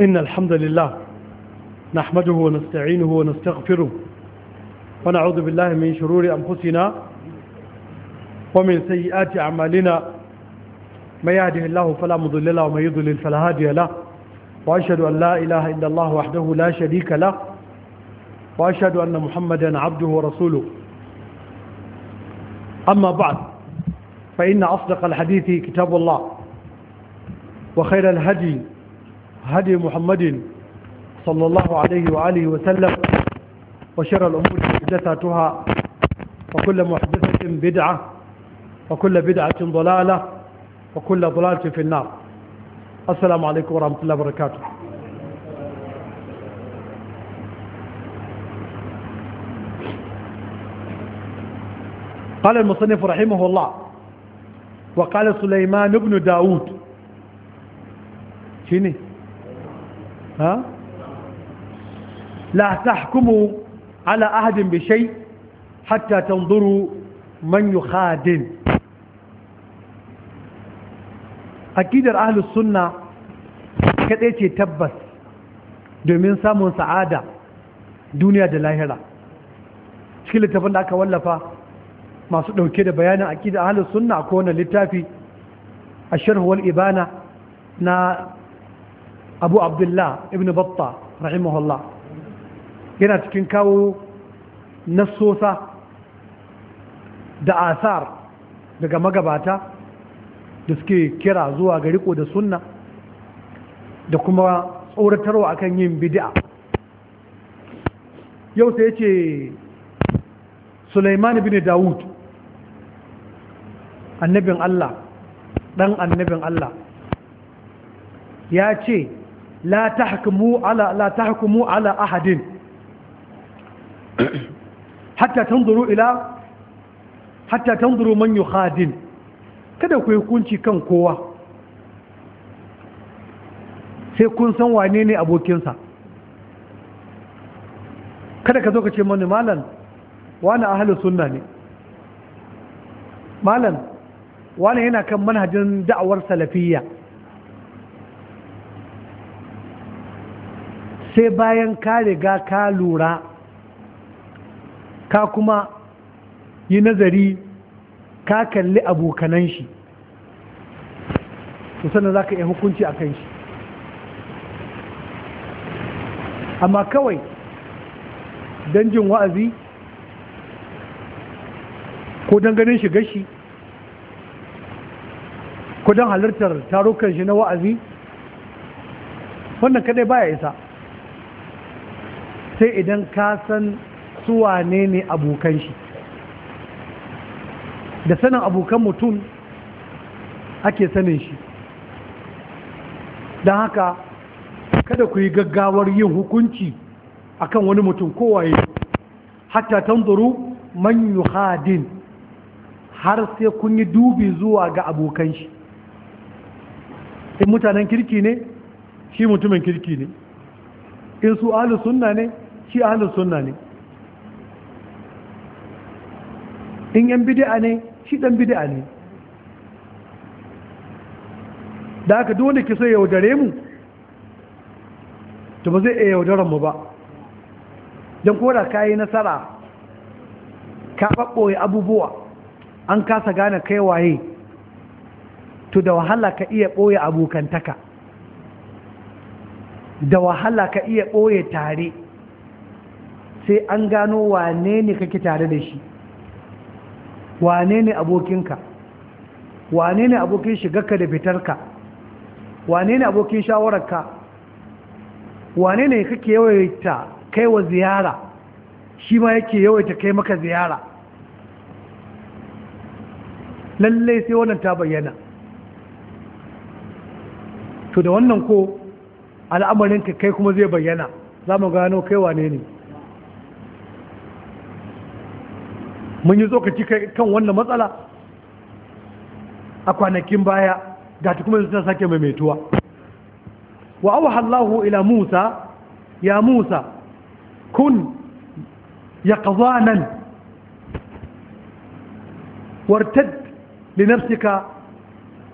إن الحمد لله نحمده ونستعينه ونستغفره ونعوذ بالله من شرور أنفسنا ومن سيئات أعمالنا ما يهده الله فلا مضل له وما يضلل فلا هادي له وأشهد أن لا إله إلا الله وحده لا شريك له وأشهد أن محمدا عبده ورسوله أما بعد فإن أصدق الحديث كتاب الله وخير الهدي هدي محمد صلى الله عليه وآله وسلم وشر الأمور محدثاتها وكل محدثة بدعة وكل بدعة ضلالة وكل ضلالة في النار السلام عليكم ورحمة الله وبركاته قال المصنف رحمه الله وقال سليمان بن داود شيني ha la tahkumu ala ahadin bi shay hatta tanzuru man Aƙidar akidar ahlus sunna kadai ce tabbas domin samun sa'ada duniya da lahira cikin littafin aka wallafa masu ɗauke da bayanin akidar ahlus sunna ko littafi a sharhuwar ibana na abu abdullah ibn batta rahimahullah yana cikin kawo nasosa da asar daga magabata da suke kira zuwa ga riko da sunna da kuma tsoratarwa akan yin bid'a yau sai ce Suleiman bin Dawud annabin Allah dan annabin Allah ya ce la tahkumu ala la tahkumu ala ahadin hatta tanzuru ila hatta tanzuru man yukhadin kada ku hukunci kan kowa sai kun san wane ne abokinsa kada ka zo ka ce mani malam wani ahalu sunna ne malam wani yana kan manhajin da'awar salafiyya sai bayan ka riga ka lura ka kuma yi nazari ka kalli abokanan shi to sannan za ka iya hukunci a kan shi amma kawai don jin wa'azi ko don ganin shiga shi ko don halartar tarukan shi na wa'azi wannan kadai baya isa sai idan ka san suwa ne ne abokan shi da sanin abokan mutum ake sanin shi don haka kada ku yi gaggawar yin hukunci akan wani mutum kowaye hatta tanzuru man hadin har sai kun yi dubi zuwa ga abokan shi in mutanen kirki ne shi mutumin kirki ne in su alu sunna ne shi ahlus suna ne in yan bid'a ne shi dan bidi'a ne da haka dole ki ke so yaudare mu to ba zai iya yaudaran mu ba don koda kayi nasara ka ɓaɓɓoye abubuwa an kasa gane kai waye to da wahala ka iya ɓoye abokantaka da wahala ka iya ɓoye tare sai an gano wane ne kake tare da shi wane ne abokinka wane ne abokin shigarka da fitarka wane ne abokin shawararka wane ne kake yawaita kai wa ziyara shi ma yake yawaita kai maka ziyara lallai sai wannan ta bayyana to da wannan ko al'amarinka kai kuma zai bayyana za mu gano kai wane ne mun yi zo tsokaci kan wannan matsala a kwanakin baya ga ta kuma suna sake maimaituwa wa auha Allahu ila Musa ya Musa kun yaqzanan wartad li nafsika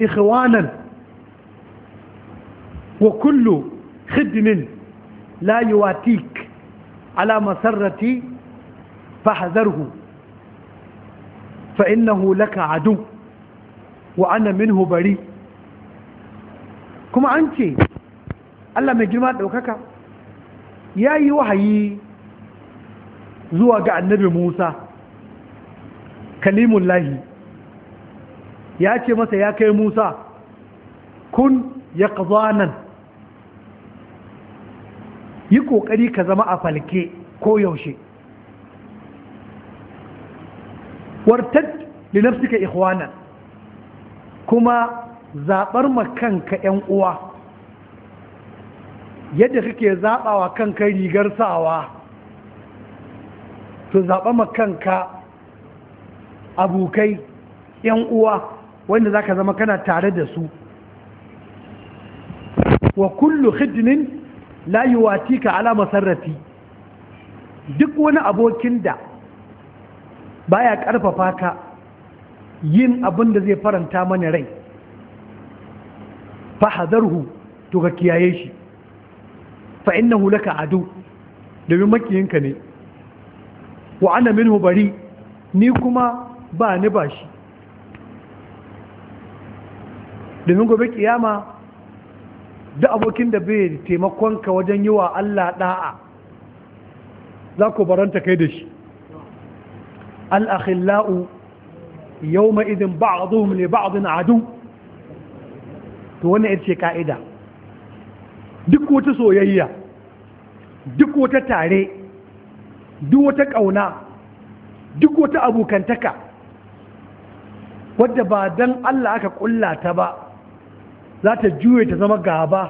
ikhwanan wa kullu khidmin la yuwatik ala masarrati fahzarhu fa innahu laka adu wa ana minhu bari kuma an ce Allah mai girma ɗaukaka ya yi wahayi zuwa ga annabi Musa kalimullahi ya ce masa ya kai Musa kun ya nan yi ƙoƙari ka zama a falke ko yaushe wartad li nafsika ikhwana kuma zaɓar ma kanka yan uwa yadda kake zabawa kanka rigar sawa to zaba ma kanka abokai yan uwa wanda zaka zama kana tare da su wa kullu hidinin la yuwatika ala masarrati duk wani abokin da baya ƙarfafa ka yin abin da zai faranta mana rai Fa hadarhu to ka kiyaye shi fa innahu laka adu domin makiyinka ne wa ana minhu bari ni kuma ba ni ba shi domin gobe kiyama da abokin da bai taimakonka wajen yi wa Allah da'a za ku baranta kai da shi al'akhila'u yauma ma'idin ba'aduhum ne ba'adun adu to wannan ita ce ka'ida duk wata soyayya duk wata tare duk wata ƙauna duk wata abokantaka wadda ba don Allah aka ƙulla ta ba za ta juye ta zama gaba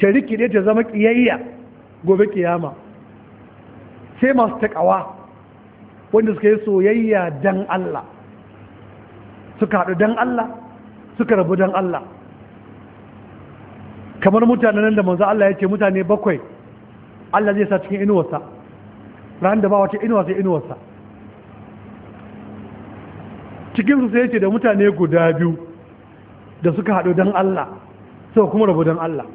ta rikide ta zama ƙiyayya gobe ƙiyama sai masu ƙawa. wanda suka yi soyayya dan Allah suka haɗu dan Allah suka rabu dan Allah kamar mutane nan da manzo Allah ya ce mutane bakwai Allah zai sa cikin inuwarsa ran da ba wata inuwa sai inuwarsa cikin su sai ya ce da mutane guda biyu da suka haɗu dan Allah suka kuma rabu dan Allah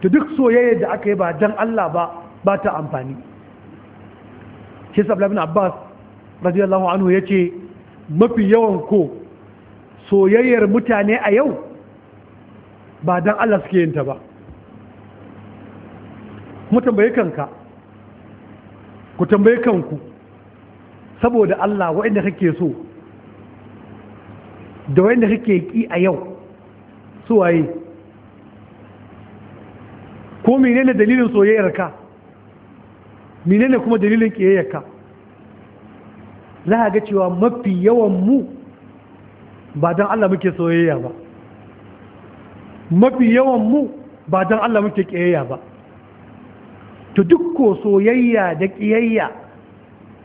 to duk soyayya da aka yi ba dan Allah ba ba ta amfani kisa ibn abbas radiyallahu anhu ya ce mafi yawan ko soyayyar mutane a yau ba don allah suke yinta ba kuma tambayi kanka ku tambayi kanku saboda allah waɗanda kake so da waɗanda kake ki a yau su waye ko menene dalilin soyayyar ka? menene kuma dalilin ƙiyayyarka za a ga cewa mafi yawan mu ba don Allah muke soyayya ba mafi yawan mu ba don Allah muke ƙiyayya ba to duk ko soyayya da ƙiyayya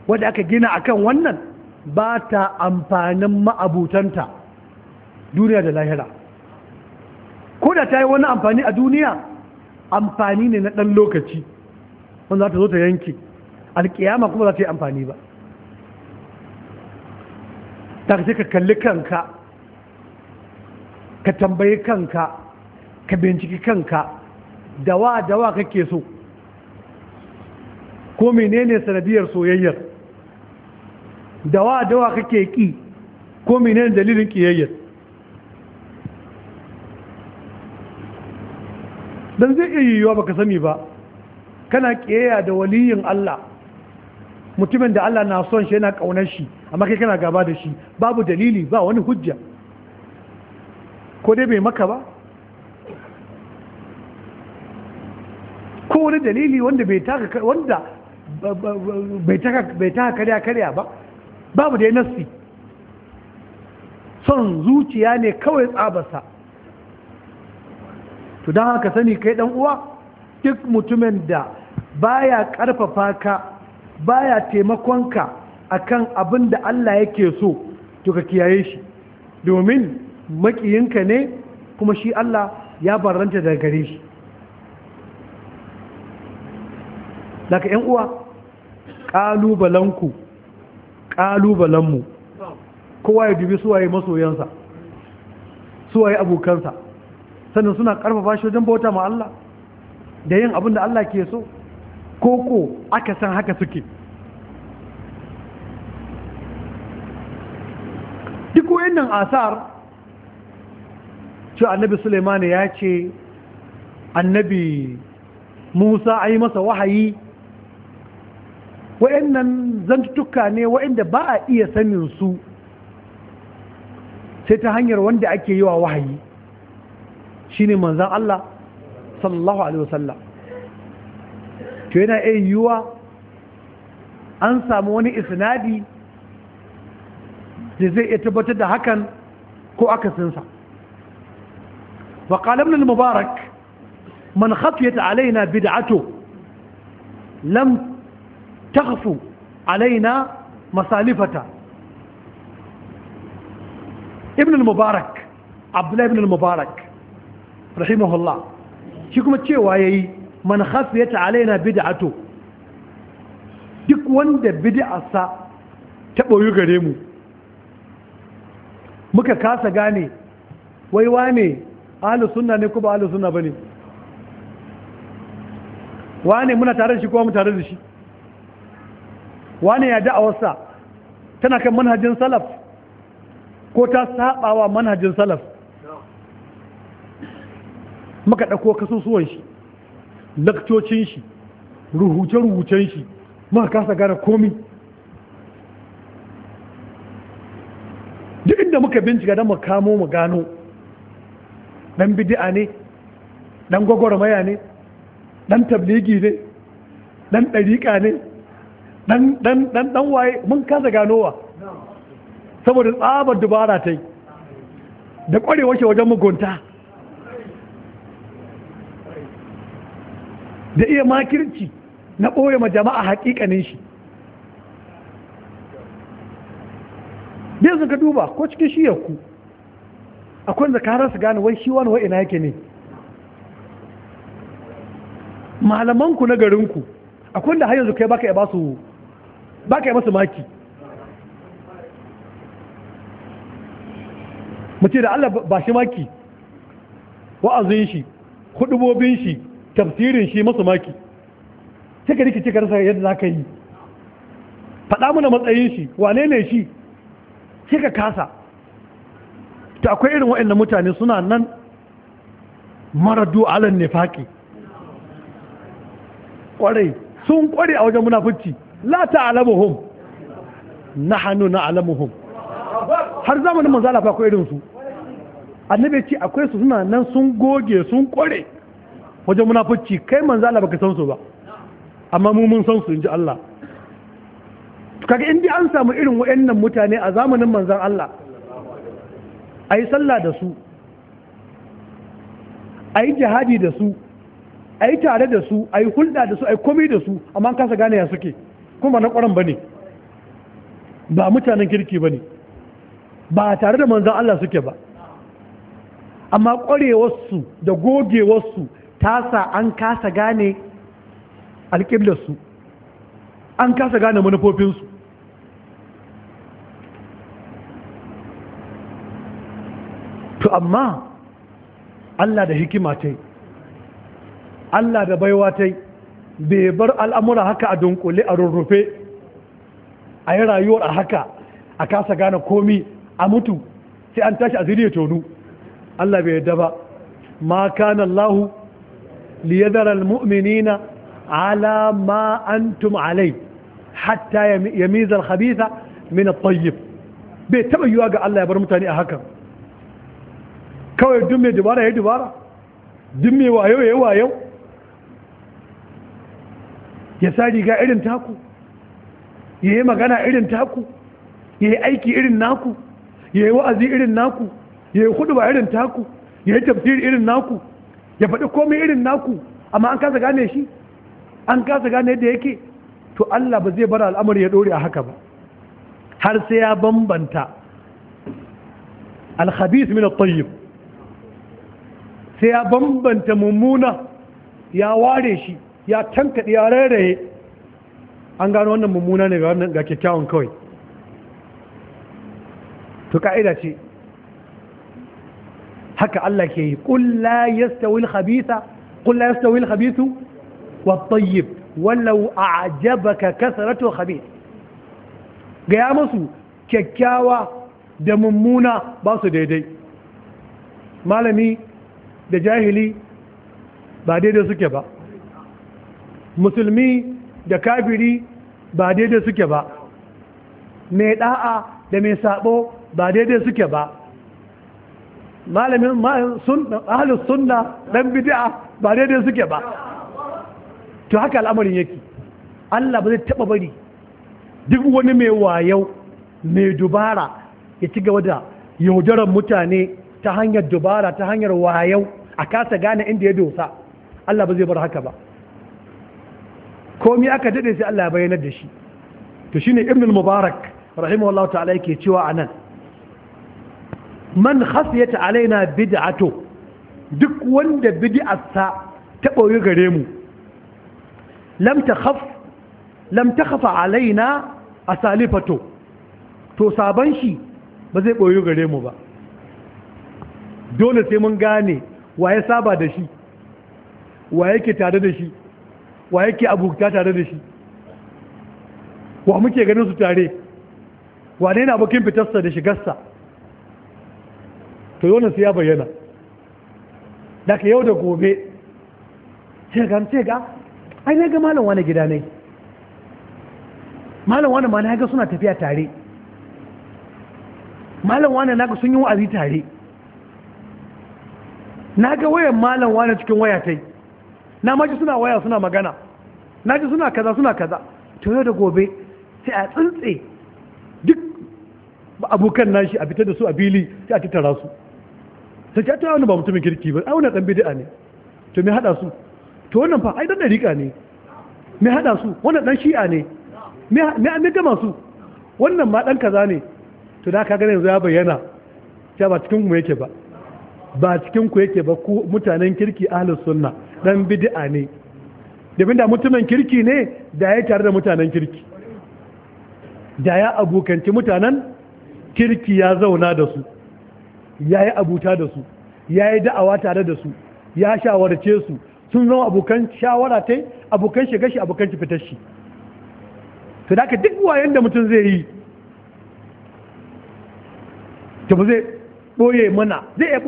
wadda aka gina a kan wannan ba ta amfanin ma'abutanta duniya da lahira ko da ta yi wani amfani a duniya amfani ne na ɗan lokaci wanda za ta zo ta yanke, alkiyama kuma za ta yi amfani ba ta ka kalli kanka ka tambayi kanka ka binciki kanka dawa dawa kake so ko menene sanadiyar soyayyar dawa dawa kake ki ko menene dalilin kiyayyar don zai iya yiwuwa baka sani ba kana kiyaya da waliyin Allah mutumin da Allah na son shi yana kaunar shi amma kai kana gaba da shi babu dalili ba wani hujja ko dai bai maka ba ko wani dalili wanda bai taka wanda bai taka karya karya ba babu dai nassi son zuciya ne kawai tsabasa to don haka sani kai dan uwa duk mutumin da baya karfafa ka baya ka akan abin da Allah yake so to ka kiyaye shi domin makiyinka ne kuma shi Allah ya barranta daga gare shi daga ‘yan uwa ƙalubalanku ƙalubalanmu kowa ya dubi suwaye masoyansa suwaye abokansa sannan suna ƙarfafa shi wajen bauta ma Allah da yin abin da Allah ke so koko aka san haka suke duk wayannan asar cewa annabi suleimani ya ce annabi musa a masa wahayi wayannan zantuka ne wayanda ba a iya sanin su sai ta hanyar wanda ake yi wa wahayi shine manzan Allah sallallahu alaihi wasallam to yana iya yiwuwa an samu wani isnadi da zai iya tabbatar da hakan ko akasinsa وقال ابن المبارك من خفيت علينا بدعته لم تغفو علينا مسالفته ابن المبارك عبد الله بن المبارك رحمه الله shi kuma cewa ya yi man khafiyata alaina bid'atu duk wanda bid'arsa ta boyu gare mu muka kasa gane wai wane ahlus sunna ne ko ba ahlus sunna bane wane muna tare da shi ko mu tare da shi wane ya da'awarsa tana kan manhajin salaf ko ta sabawa manhajin salaf muka ɗauko kasusuwan shi lakcocin shi rubuce-rubucen shi ma kasa gane komi duk inda muka bincika don mu kamo mu gano dan bidi'a ne dan gwagwarmaya ne dan tabligi ne dan ɗariƙa ne dan waye mun kasa ganowa saboda tsabar dubara ta yi da ƙwarewa shi wajen mugunta da iya makirci na ɓoye ma jama'a haƙiƙanin shi yanzu ka duba ko cikin shi yanku? akwai zakarar su gane wai shi wani wa ina yake ne malamanku na garinku akwai da har yanzu kai baka baka yi masu maki mace da Allah ba shi maki wa'azin shi hudubobin shi tafsirin shi masu maki cika ka rasa yadda za ka yi faɗa mana matsayin shi wane ne shi "Kika kasa ta akwai irin waɗannan mutane suna nan maradu alan nifaki ƙwarai sun ƙware a wajen alamuhun la hannu na alamuhun har zamanin manzo fa akwai irinsu. su ce akwai su suna nan sun goge sun ƙware wajen munafurci kai manzo Allah baka san su ba amma mu mun san su inji Allah kaga in an samu irin wayannan mutane a zamanin manzon Allah a yi sallah da su a jihadi da su a tare da su a yi da su a komai da su amma an kasa gane ya suke kuma na ƙoran ba ba mutanen kirki bane, ba tare da manzan Allah suke ba amma su da gogewarsu tasa an kasa gane alƙiblarsu an kasa gane manufofinsu to amma Allah da hikima ta yi Allah da baiwa ta yi bai bar al'amura haka a dunkule a rurrufe a yi rayuwar a haka a kasa gane komi a mutu sai an tashi a ya tonu Allah bai yadda ba ma kanan lahu liyadhara almu'minina ala ma antum alai hatta yamiza alkhabitha min at bai taba yiwa ga Allah ya bar mutane a hakan kawai duk mai dubara ya dubara duk mai wayo ya ya sa riga irin taku ya yi magana irin taku ya yi aiki irin naku ya yi wa'azi irin naku ya yi irin taku ya yi tafsiri irin naku ya faɗi komai irin naku amma an kasa gane shi an kasa gane yadda yake to Allah ba zai bar al'amari ya ɗore a haka ba har sai ya bambanta alhabis min at-tayyib sai ya bambanta mummuna ya ware shi ya tankaɗe ya rarraye an gano wannan mummuna ne ga wannan ga kyakkyawan kawai to ka'ida ce haka Allah ke yi qul ya yastawi al-khabitha ya la yastawi al-khabithu wat-tayyib walau a'jabaka kasratu khabith ga ya musu kyakkyawa da mummuna ba su daidai malami da jahili ba daidai suke ba musulmi da kafiri ba daidai suke ba mai da'a da mai sabo ba daidai suke ba malamin ahalus sunna dan bidi'a ba daidai suke ba to haka al'amarin yake Allah ba zai taba bari duk wani mai wayau mai dubara ya ci gaba da yaudarar mutane ta hanyar dubara ta hanyar wayau a kasa gane inda ya dosa Allah ba zai bar haka ba komi aka dade sai Allah ya bayyana da shi to shine ibn mubarak rahimahullahu ta'ala yake cewa anan man khasiyat alaina bid'atu duk wanda bid'arsa ta boye gare mu lam takhaf lam takhafa alaina asalifato to saban shi ba zai boye gare mu ba dole sai mun gane wa ya saba da shi wa yake tare da shi wa yake abuta tare da shi wa muke ganin su tare wa ne na abokin fitarsa da shigarsa to yi sai ya bayyana da ka yau da gobe cega ga sai ga ai na ga malam wani gida ne malam wani ma na ga suna tafiya tare malam wani na ga sun yi wa'azi tare na ga wayan malam wani cikin waya tai na maji suna waya suna magana na ji suna kaza suna kaza to yau da gobe sai a tsintse duk abokan nashi a fitar da su a bili sai a tattara su ta ce ta wani ba mutumin kirki ba ai wannan dan bid'a ne to me hada su to wannan fa ai dan dariqa ne me hada su wannan dan shi'a ne me me gama su wannan ma dan kaza ne to da ka ga yanzu ya bayyana ta ba cikin mu yake ba ba cikin ku yake ba ku mutanen kirki ahlus sunna dan bid'a ne domin da mutumin kirki ne da ya tare da mutanen kirki da ya abokanci mutanen kirki ya zauna da su ya yi abuta da su ya yi da'awa tare da su ya shawarce su sun zama abokan shawara ta abokan shiga shi abokan shi fitar shi to da duk wayan da mutum zai yi ta ba zai ɓoye mana zai iya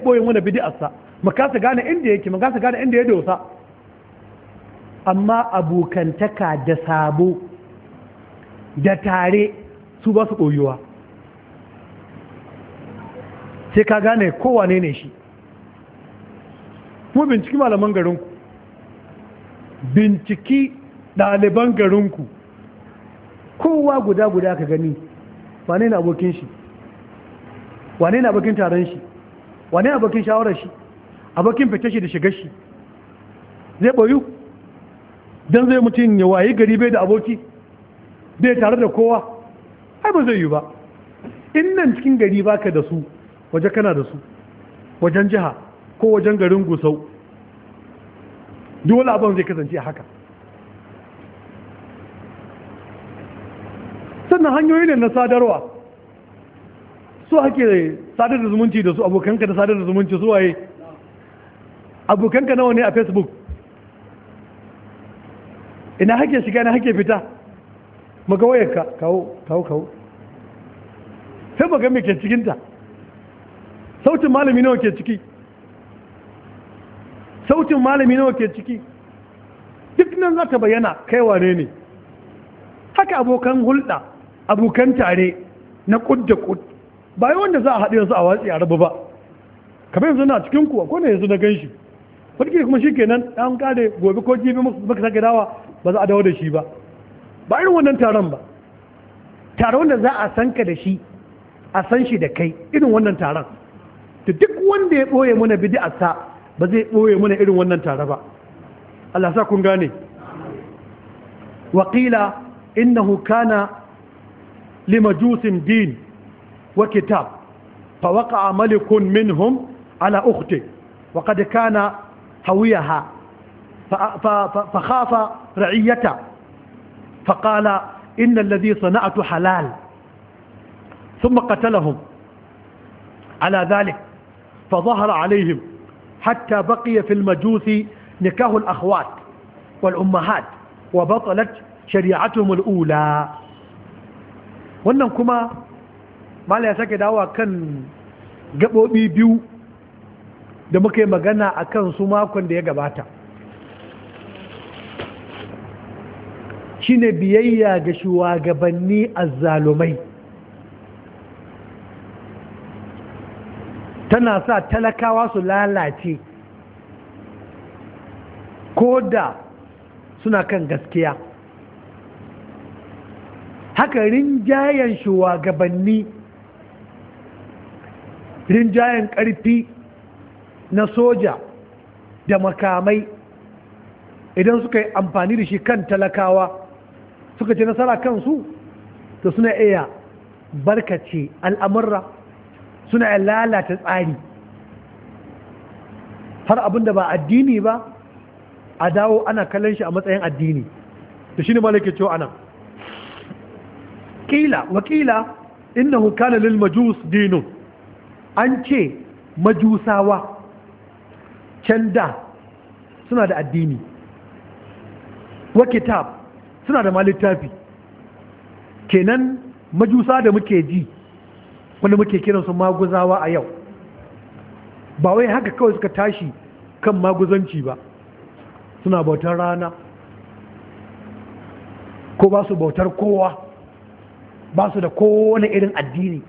boye mana sa makasa gane inda yake makasa gane inda ya dosa amma abokantaka da sabo da tare su ba su koyuwa sai ka gane kowane ne shi kuma binciki malaman garinku binciki ɗaliban garinku kowa guda guda ka gani wane na abokin shi wane na abokin taron shi wane abokin shawarar shi abokin fice shi da shiga shi zai ɓoyu don zai mutum ya wayi gari bai da aboki bai tare da kowa ai ba zai yi ba in nan cikin gari baka da su waje kana da su wajen jiha ko wajen garin gusau duk wani abin zai kasance haka sannan hanyoyi ne na sadarwa su hake sadar da zumunci da su abokanka da sadar da zumunci su waye abokanka nawa ne a facebook ina hake shiga na hake fita maka wayarka kawo kawo kawo sai baka mai ke cikinta sautin malami nawa ke ciki sautin malami nawa ke ciki duk nan za ta bayyana kai wane ne haka abokan hulɗa abokan tare na kudda kud ba yi wanda za a haɗe yanzu a watsi a rabu ba kamar yanzu na cikin kuwa ko ne yanzu na ganshi wadda kuma shi kenan ɗan kare gobe ko jibi maka sake dawa ba za a dawo da shi ba ba irin wannan taron ba taron da za a san ka da shi a san shi da kai irin wannan taron to duk wanda ya ɓoye mana bid'arsa ba zai ɓoye mana irin wannan tare ba Allah sa kun gane waƙila innahu kana limajusin din wa kitab fa waqa'a malikun minhum ala ukhti wa qad kana hawiyaha fa khafa ra'iyata fa qala inna alladhi sana'tu halal thumma qatalahum ala dhalik فظهر عليهم حتى بقي في المجوس نكاه الأخوات والأمهات وبطلت شريعتهم mul'ula. wannan kuma mala ya sake dawa kan gaɓoɓi biyu da muka yi magana a kan su makon da ya gabata shine biyayya ga shugabanni azzalumai tana sa talakawa su lalace ko da suna kan gaskiya haka rinjayen shugabanni rinjayen ƙarfi na soja da makamai idan suka yi amfani da shi kan talakawa suka ce nasara kansu to suna iya barkace al'amurra suna lalata tsari har abinda ba addini ba a dawo ana kallon shi a matsayin addini da shi ne malaka cewa anan kila wakila innahu kana lil majus dinu. an ce majusawa can da suna da addini wa kitab suna da malittafi kenan majusa da muke ji wanda muke kiransu maguzawa a yau ba wai haka kawai suka tashi kan maguzanci ba suna bautar rana ko ba su bautar kowa ba su da kowane irin addini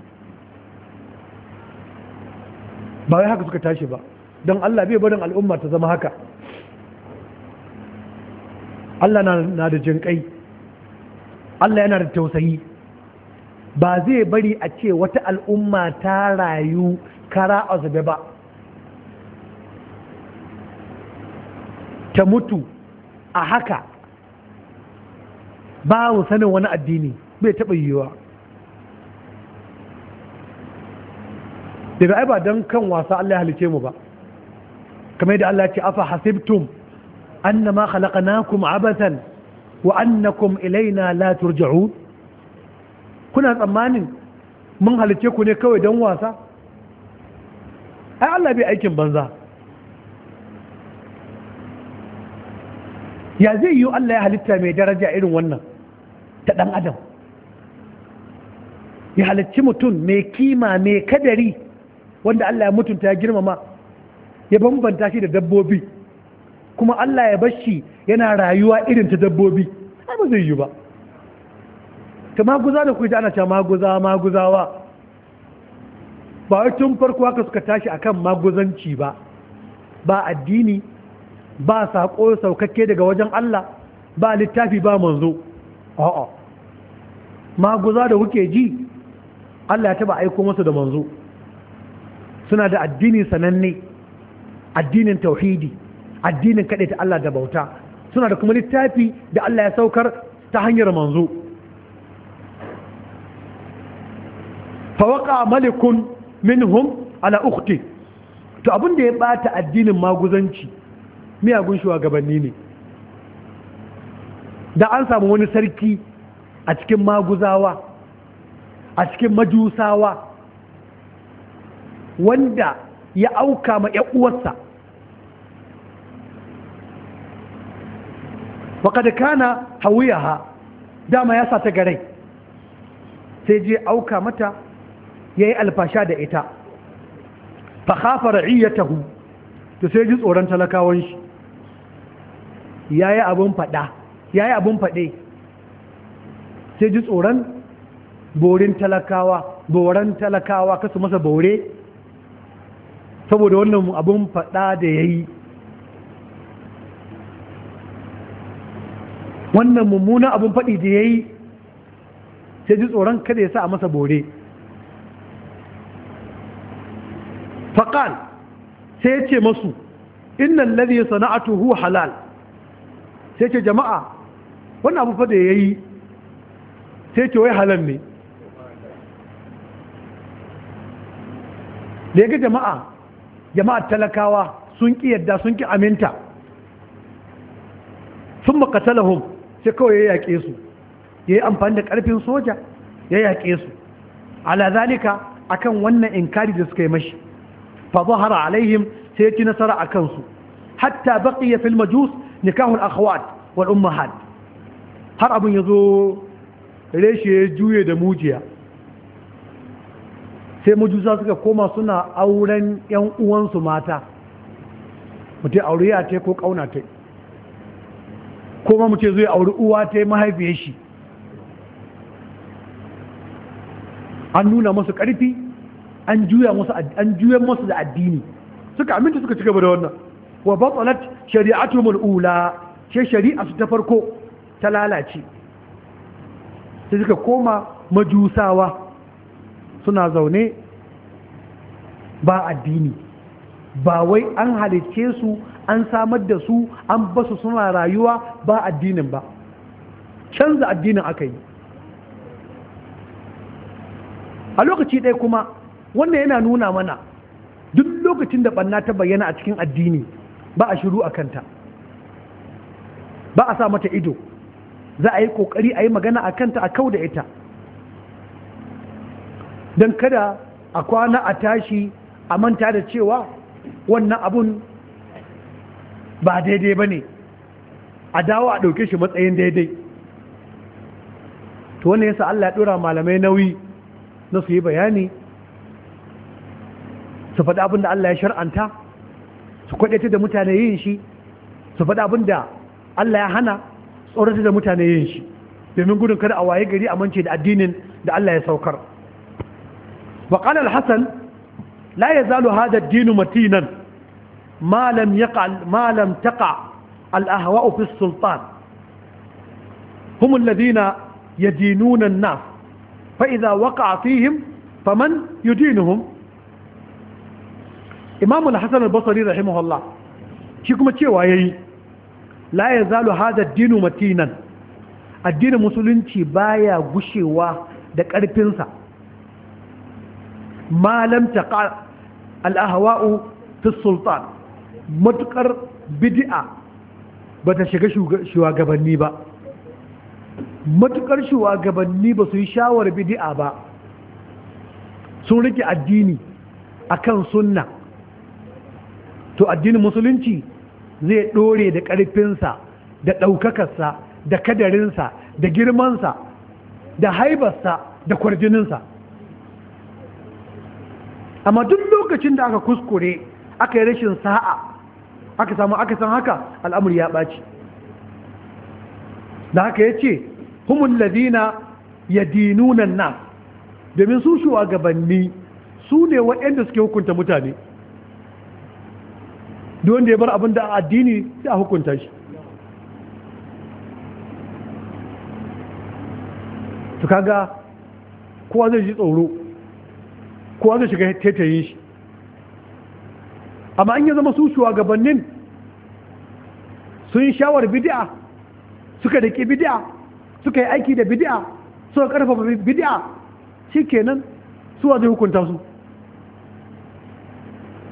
ba wai haka suka tashi ba don Allah bai barin al'umma ta zama haka Allah na da jinƙai Allah yana da tausayi ba zai bari a ce wata al'umma ta rayu kara a zube ba ta mutu a haka mu sanin wani addini bai taɓa yiwuwa daga ba don kan wasa Allah ya halice mu ba kamar yadda Allah ce afa hasibtum annama khalaqnakum abatan wa annakum ilaina la turja'un kuna tsammanin mun halice ku ne kawai don wasa ai Allah bai aikin banza ya zai yi Allah ya halitta mai daraja irin wannan ta ɗan adam ya halicci mutum mai kima mai kadari wanda Allah ya mutunta ya girmama ya bambanta shi da dabbobi kuma Allah ya bashi yana rayuwa irin ta dabbobi ai ba zai yi ba ta maguza da kuwa ana cewa maguza maguzawa ba wai tun farko haka suka tashi akan maguzanci ba ba addini ba saƙo saukakke daga wajen Allah ba littafi ba manzo a'a maguza da kuke ji Allah ya taba aiko masa da manzo suna da addini sananne addinin tauhidi addinin kaɗai Allah da bauta suna da kuma littafi da Allah ya saukar ta hanyar manzo fawaka malikun minhum ala ukhti to abin da ya bata addinin maguzanci miyagun shugabanni ne da an samu wani sarki a cikin maguzawa a cikin majusawa wanda ya auka ma uwarsa waƙada kana ha dama ya sa ta garai sai je auka mata ya yi alfasha da ita fa khafa ra'iyatahu to sai ji tsoron talakawan shi ya yi abin faɗa ya yi abin faɗe sai ji tsoron borin talakawa boran talakawa kasu masa bore saboda wannan abin faɗa da ya yi wannan mummuna abin faɗi da ya yi sai ji tsoron kada ya sa a masa bore faƙal sai ya ce masu innan lalye sana'atu hu halal sai ce jama'a wani abu fa da ya yi sai ce wai halal ne da ya ga jama'a jama'a talakawa sun ƙi yadda sun ƙi aminta sun makatalahun sai kawai ya yaƙe su ya yi amfani da ƙarfin soja ya yaƙe su ala zalika akan wannan inkari da suka yi mashi fa zahara alaihim sai ya ci nasara a kansu hatta baqiya fil majus nikahul akhwat wal ummahat har abin yazo reshe ya juye da mujiya sai mujusa suka koma suna auren yan uwansu mata mutai auriya ta ko kauna ta kuma zai auri uwa ta mahaifiyar an nuna masu ƙarfi an juya musu an juya musu da addini suka aminta suka cigaba da wannan wa batalat shari'atuhum ula ce shari'a su ta farko ta lalace sai suka koma majusawa suna zaune ba addini ba wai an halicce su an samar da su an basu suna rayuwa ba addinin ba canza addinin aka yi a lokaci ɗaya kuma wannan yana nuna mana duk lokacin da ɓanna ta bayyana a cikin addini ba a shiru a kanta ba a sa mata ido za a yi ƙoƙari a yi magana a kanta a kau da ita don kada a kwana a tashi a manta da cewa wannan abun ba daidai ba ne a dawo a ɗauke shi matsayin daidai to wannan yasa Allah ya ɗora malamai nauyi na su yi bayani su faɗi abin da Allah ya shar'anta su kwaɗaita da mutane yin shi su faɗi abin da Allah ya hana tsorata da mutane yin shi domin gudun kada a waye gari a mance da addinin da Allah ya saukar wa qala al-hasan la yazalu hadha ad-din matinan ma lam yaqal ma lam taqa al-ahwa fi as-sultan hum alladhina yadinuna an-nas fa idha waqa'a fihim faman yudinuhum imamu na hasanar basari rahimahullah shi kuma cewa yayi laye yazalu hadar dinu matinan addinin musulunci baya gushewa da ƙarfinsa malam ta al ta sultan sultan matukar ba ta shiga shugabanni ba matukar shugabanni ba su yi shawar bidi'a ba sun rike addini akan sunna to addinin musulunci zai ɗore da ƙarfinsa da ɗaukakarsa da kadarinsa da girmansa da haibarsa da kwarjininsa amma duk lokacin da aka kuskure aka yi rashin sa'a aka samu aka san haka al'amur ya ɓaci da haka ya ce humun ladina ya dinunan na domin su gabanni su ne waɗanda suke hukunta mutane duk wanda ya bar abin da a addini sai a hukunta shi to kaga kowa zai ji tsoro kowa zai shiga tetayin shi amma an yi zama su gabanin sun shawar bidia suka daki bidiya suka yi aiki da bidia suka karfafa bidiya shikenan suwa zai hukunta su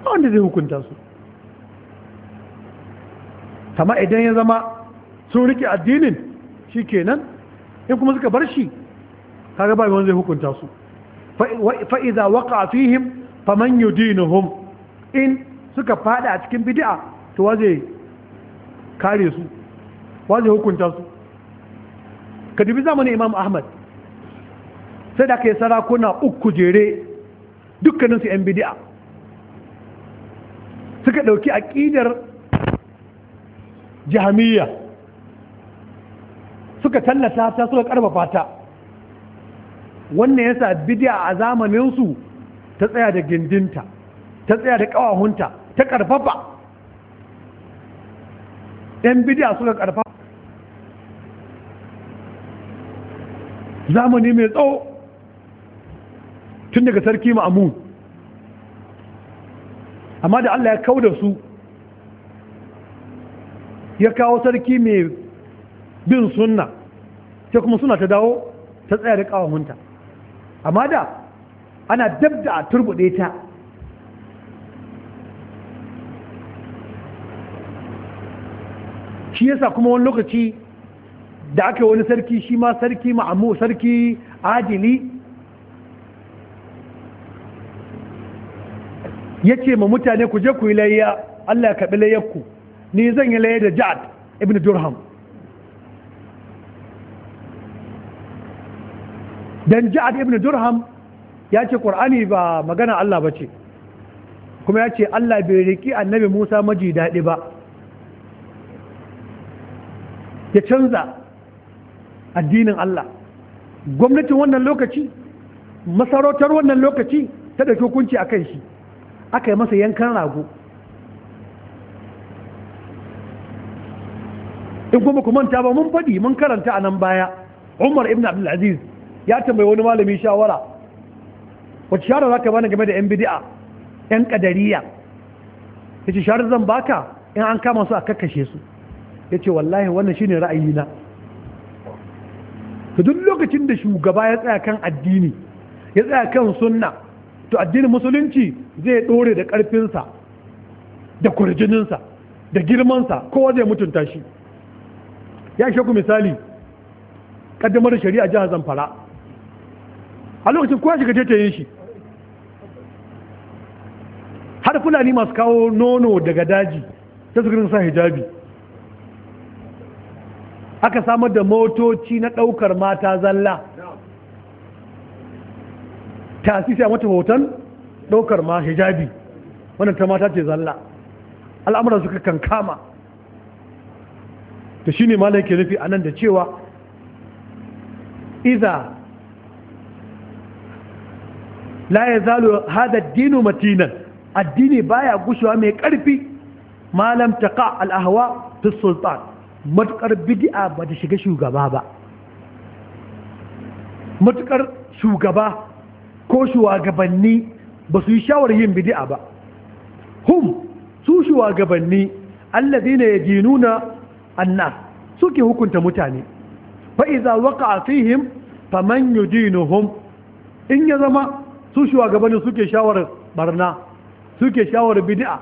wanda zai hukunta su Tama idan ya zama sun rike addinin shi kenan in kuma suka bar shi kaga ba wanda zai hukunta su fa'iza waka a fihim faman yudinuhum in suka fada a cikin bid'a to waje kare su waje hukunta su ka dubi zamanin imam ahmad sai da ke sarakuna uku jere dukkaninsu 'yan bid'a suka ɗauki aƙidar jihamiyya suka tallata ta suka karfafa ta wannan yasa bidiya a zamaninsu ta tsaya da gindinta ta tsaya da ƙawahunta ta karfafa yan bidiya suka karfafa zamani mai tsawo tun daga sarki ma'amun amma da Allah ya kau da su ya kawo sarki mai bin sunna sai kuma suna ta dawo ta tsaya da kawahunta amma da ana dab da a turbuɗe ta shi yasa kuma wani lokaci da aka wani sarki shi ma sarki ma'amu sarki adili ya ce ma mutane ku je ku yi layya allah ya kaɓi layyarku ni zan yi laye da ja'ad ibn durham dan ja'ad ibn durham ya ce ƙur'ani ba magana Allah ba ce kuma ya ce Allah bai riki annabi Musa maji daɗi ba ya canza addinin Allah gwamnatin wannan lokaci masarautar wannan lokaci ta ɗauki hukunci a kan shi aka yi masa yankan rago in kuma ku manta ba mun faɗi mun karanta a nan baya umar ibn abdulaziz ya tambayi wani malami shawara wacce shawara za ka bani game da yan bidi'a yan kadariya ya ce shawara zan baka in an kama su a kakkashe su ya ce wallahi wannan shine na. to duk lokacin da shugaba ya tsaya kan addini ya tsaya kan sunna to addinin musulunci zai dore da ƙarfinsa da kurjininsa da girmansa kowa zai mutunta shi ya ku misali kaddamar shari'a jihar zamfara a lokacin kuwa shiga ta yi shi har fulani masu kawo nono daga daji ta su sa hijabi aka samar da motoci na ɗaukar mata zalla tasisi a mata hoton ɗaukar ma hijabi wadanda ta mata ce zalla al'amuran suka kankama Ta shi ne malai ke nufi anan da cewa iza la ya zalo hada dinu matinan addini baya gushewa mai karfi malam taqa al-ahwa fi sultan matukar bidi'a ba ta shiga shugaba ba matukar shugaba ko shugabanni ba su yi shawar yin bidi'a ba hum su shugabanni alladhina yadinuna annas suke hukunta mutane fa iza waqa'a fihim faman yudinuhum in ya zama su shugabanni suke shawarar barna suke shawarar bid'a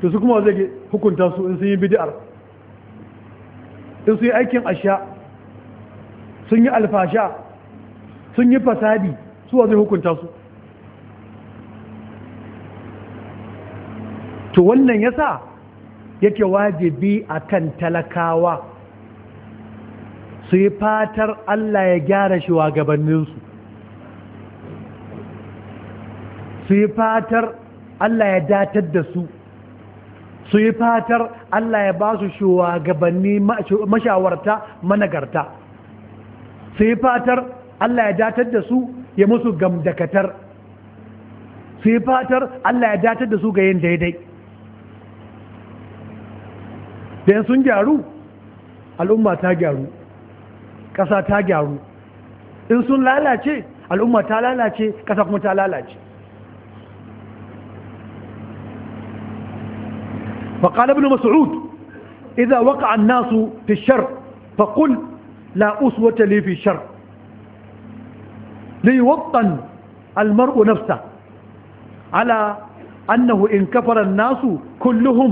to su kuma zai hukunta su in sun yi bid'ar in sun yi aikin asha sun yi alfasha sun yi fasadi su wa zai hukunta su to wannan yasa yake wajibi a kan talakawa su yi fatar Allah ya gyara gabaninsu su yi fatar Allah ya datar da su su yi fatar Allah ya ba su shugabanni mashawarta managarta su yi fatar Allah ya datar da su ya musu gamdakatar su yi fatar Allah ya datar da su ga yin daidai da sun gyaru al'umma ta gyaru ƙasa ta gyaru in sun lalace al'umma ta lalace ƙasa kuma ta lalace فقال ابن مسعود إذا وقع الناس في الشر فقل لا أسوة لي في الشر ليوطن المرء نفسه على أنه إن كفر الناس كلهم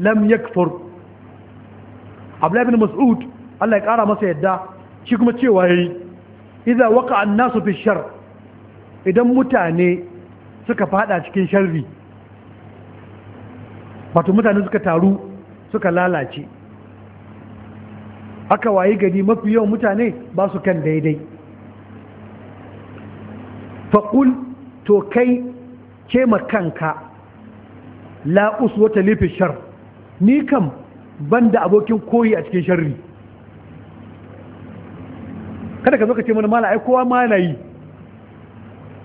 لم يكفر abdullahi bin mas'ud Allah ya kara masa yadda shi kuma cewa yayi idza waqa an-nasu fi shar idan mutane suka fada cikin sharri wato mutane suka taru suka lalace aka wayi gari mafi yawan mutane ba su kan daidai faƙul to kai ce kanka la'us wata lifi ni kam ban da abokin koyi a cikin sharri kada ka zo ka ce mana mala ai kowa ma yi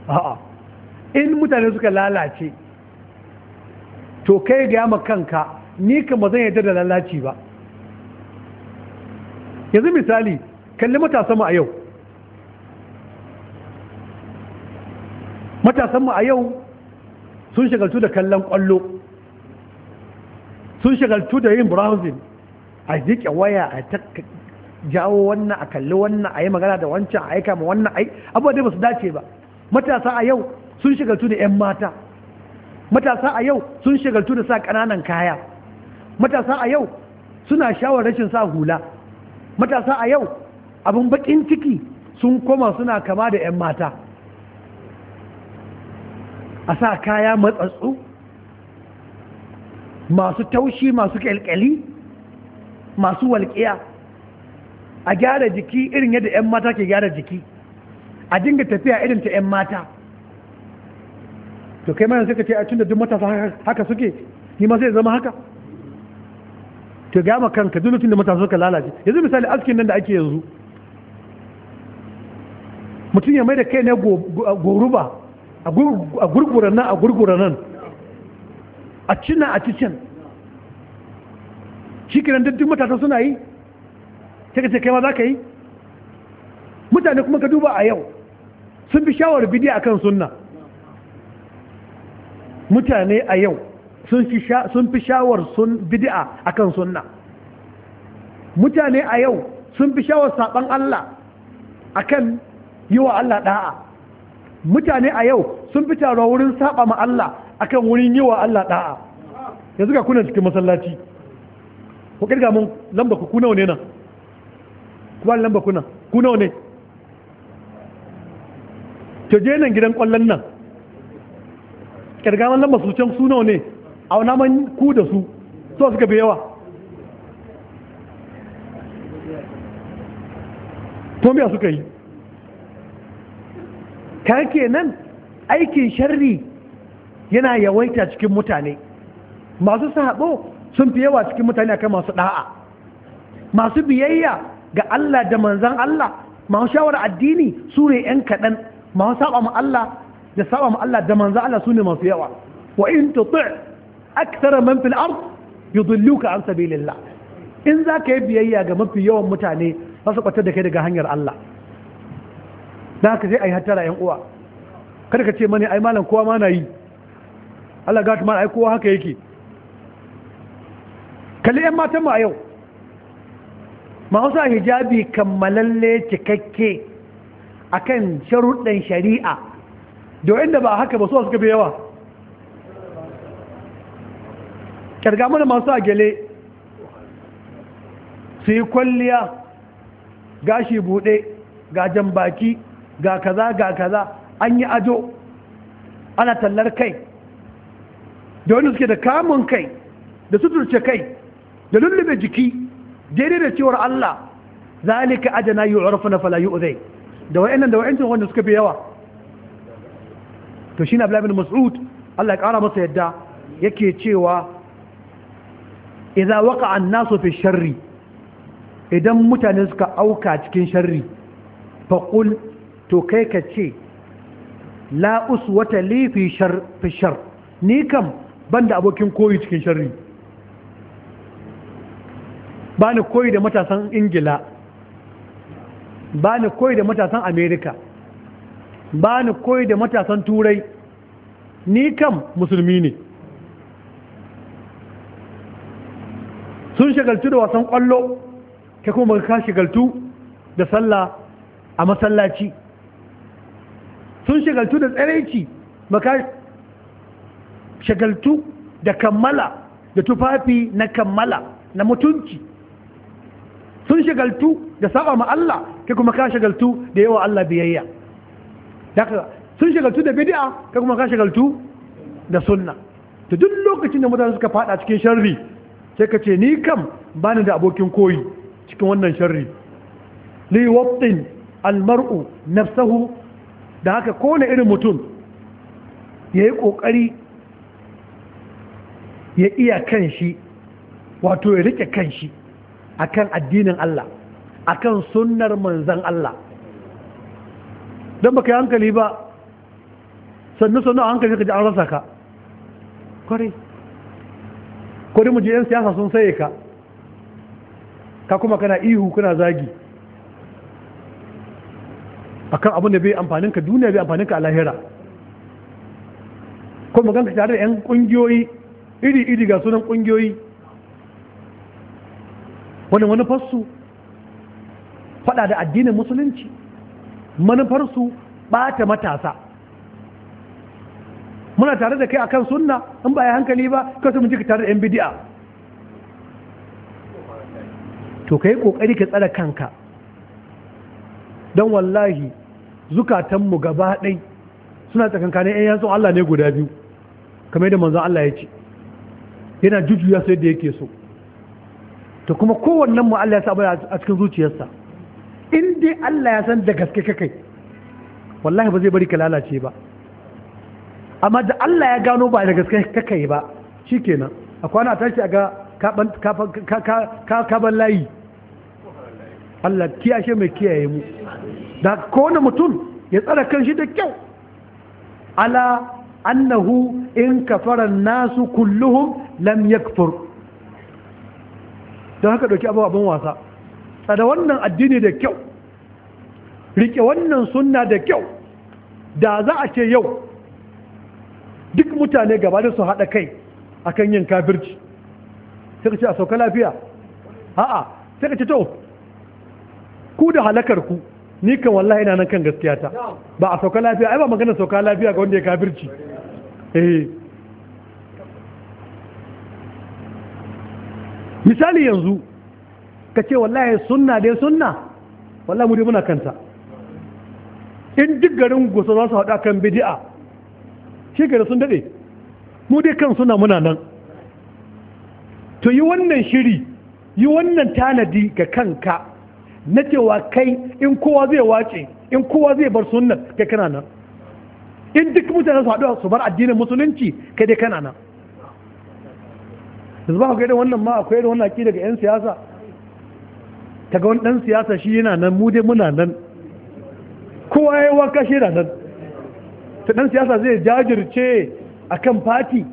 a'a in mutane suka lalace to kai ga ma kanka ni kama zan yadda da lalaci ba yanzu misali kalli matasanmu a yau matasanmu a yau sun shagaltu da kallon kwallo sun shagaltu da yin browsing a jiƙe waya a ta jawo wannan a kalli wannan a yi magana da wancan a aika ma wannan a yi abubuwa dai ba su dace ba matasa a yau sun shagaltu da 'yan mata matasa a yau sun shagaltu da sa kananan kaya matasa a yau suna shawar rashin sa hula matasa a yau abin bakin ciki sun koma suna kama da 'yan mata a sa kaya matsatsu masu taushi masu kyalkyali masu walƙiya a gyara jiki irin yadda 'yan mata ke gyara jiki a dinga tafiya irin ta 'yan mata to kai mana suka ce a tunda duk matasa haka suke ni ma sai zama haka to gama kanka duk lokacin da matasa suka lalace yanzu misali askin nan da ake yanzu mutum ya mai da kai ne goruba a gurgura nan a gurgura nan a cina a cikin shi kiran duk matasa suna yi sai ka ce kai ma za ka yi mutane kuma ka duba a yau sun fi shawar a akan sunna mutane a yau sun fi shawar sun a akan sunna mutane a yau sun fi shawar saban Allah akan yi wa Allah da'a mutane a yau sun fi taro wurin saba ma Allah akan wurin yi wa Allah da'a yanzu ga kuna cikin masallaci ku kirga mun lamba ku kuna ne nan ku ba lamba kuna kuna ne to je nan gidan kwallon nan kirga mun lamba su can su ne a wani man ku da su so suka bi yawa to me suka yi ka kenan aikin sharri yana yawaita cikin mutane masu sabo sun fi yawa cikin mutane akan masu da'a masu biyayya ga Allah da manzan Allah masu shawar addini su ne 'yan kaɗan masu saba ma Allah da saba ma Allah da manzan Allah su ne masu yawa wa in tuti akthara man fil ard yudilluka an sabilillah in za ka yi biyayya ga mafi yawan mutane za su kwatar da kai daga hanyar Allah da ka sai a yi hattara 'yan uwa kada ka ce mani ai malam kowa ma na yi Allah ga tumar aikowa haka yake kalli 'yan matan mu a yau ma'ausa hijabi kammalalle cikakke akan sharuɗin shari'a da inda ba haka ba su suka fi yawa ƙarga mana masu a gele su yi kwalliya gashi buɗe ga baki ga kaza ga kaza an yi ajo ana tallar kai da suke da kamun kai da suturce kai da lullube jiki daidai da cewar Allah zalika ajana na fala yu'zai da wa'annan da wa'ancin wanda suka fi yawa to shi na ibn Mas'ud Allah ya kara masa yadda yake cewa idza waka an-nasu fi sharri idan mutane suka auka cikin sharri faqul to kai ka ce la uswata li fi shar fi shar ni kam banda abokin koyi cikin shari ba ni koyi da matasan ingila ba ni koyi da matasan amerika ba ni koyi da matasan turai ni kam musulmi ne sun shagaltu da wasan kwallo ta kuma ka shagaltu da sallah a masallaci sun shagaltu da tsaraici shagaltu da kammala da tufafi na kammala na mutunci sun shagaltu da saba ma Allah kai kuma ka shagaltu da yawa Allah biyayya sun shagaltu da bid'a kai kuma ka shagaltu da sunna to duk lokacin da mutane suka fada cikin sharri sai ka ce ni kam bani da abokin koyi cikin wannan sharri li waqtin almar'u nafsahu da haka kowane irin mutum yayi kokari ya iya kan shi wato ya rike kan shi a kan addinin Allah a kan sunnar manzan Allah don baka yi hankali ba sannu sannu a hankali ka ji an rasa ka kwarai kwarai mu je 'yan siyasa sun saye ka ka kuma kana ihu kuna zagi A kan abin da bai amfanin ka duniya bai amfanin ka a lahira kuma ganka tare da 'yan kungiyoyi iri-iri ga sunan kungiyoyi wani manufarsu faɗa da addinin musulunci manufarsu ɓata matasa muna tare da kai akan sunna in ba ya hankali ba kasu mun ji tare da 'yan bidi'a to ka yi ƙoƙari ka tsara kanka don wallahi zukatanmu gaba ɗai suna tsakankanin 'yan yanzu Allah ne guda biyu kamar yadda manzon Allah ya ce yana jujjuya sai da yake so to kuma kowannen mu Allah ya sa a cikin zuciyarsa in dai Allah ya san da gaske ka wallahi ba zai bari ka lalace ba amma da Allah ya gano ba da gaske ka kai ba shikenan a kwana tashi a ga kaban layi Allah kiyashe mai kiyaye mu da kowane mutum ya tsara kanshi da kyau ala annahu in kafaran nasu kulluhum lam yakfur don haka ɗauki abubuwan wasa tsada wannan addini da kyau rike wannan sunna da kyau da za a ce yau duk mutane gaba da su haɗa kai akan yin kafirci sai ka ce a sauka lafiya a'a sai ka ce to ku da halakar ku ni kan wallahi ina nan kan gaskiya ta ba a sauka lafiya ai ba magana sauka lafiya ga wanda ya kafirci eh misali yanzu ka ce wallahi sunna dai sunna wallahi mu dai muna kanta in duk garin gusa za su haɗa kan bidi'a shi gari sun daɗe mu dai kan suna muna nan to yi wannan shiri yi wannan tanadi ga kanka na cewa kai in kowa zai wace in kowa zai bar sunna kai kana nan in duk mutane su haɗu su bar addinin musulunci kai dai kana nan yanzu ba ku gaida wannan ma akwai da wannan aki daga 'yan siyasa ta ga wani ɗan siyasa shi yana nan mu dai muna nan kowa ya yi wanka shi yana nan ta ɗan siyasa zai jajirce a kan fati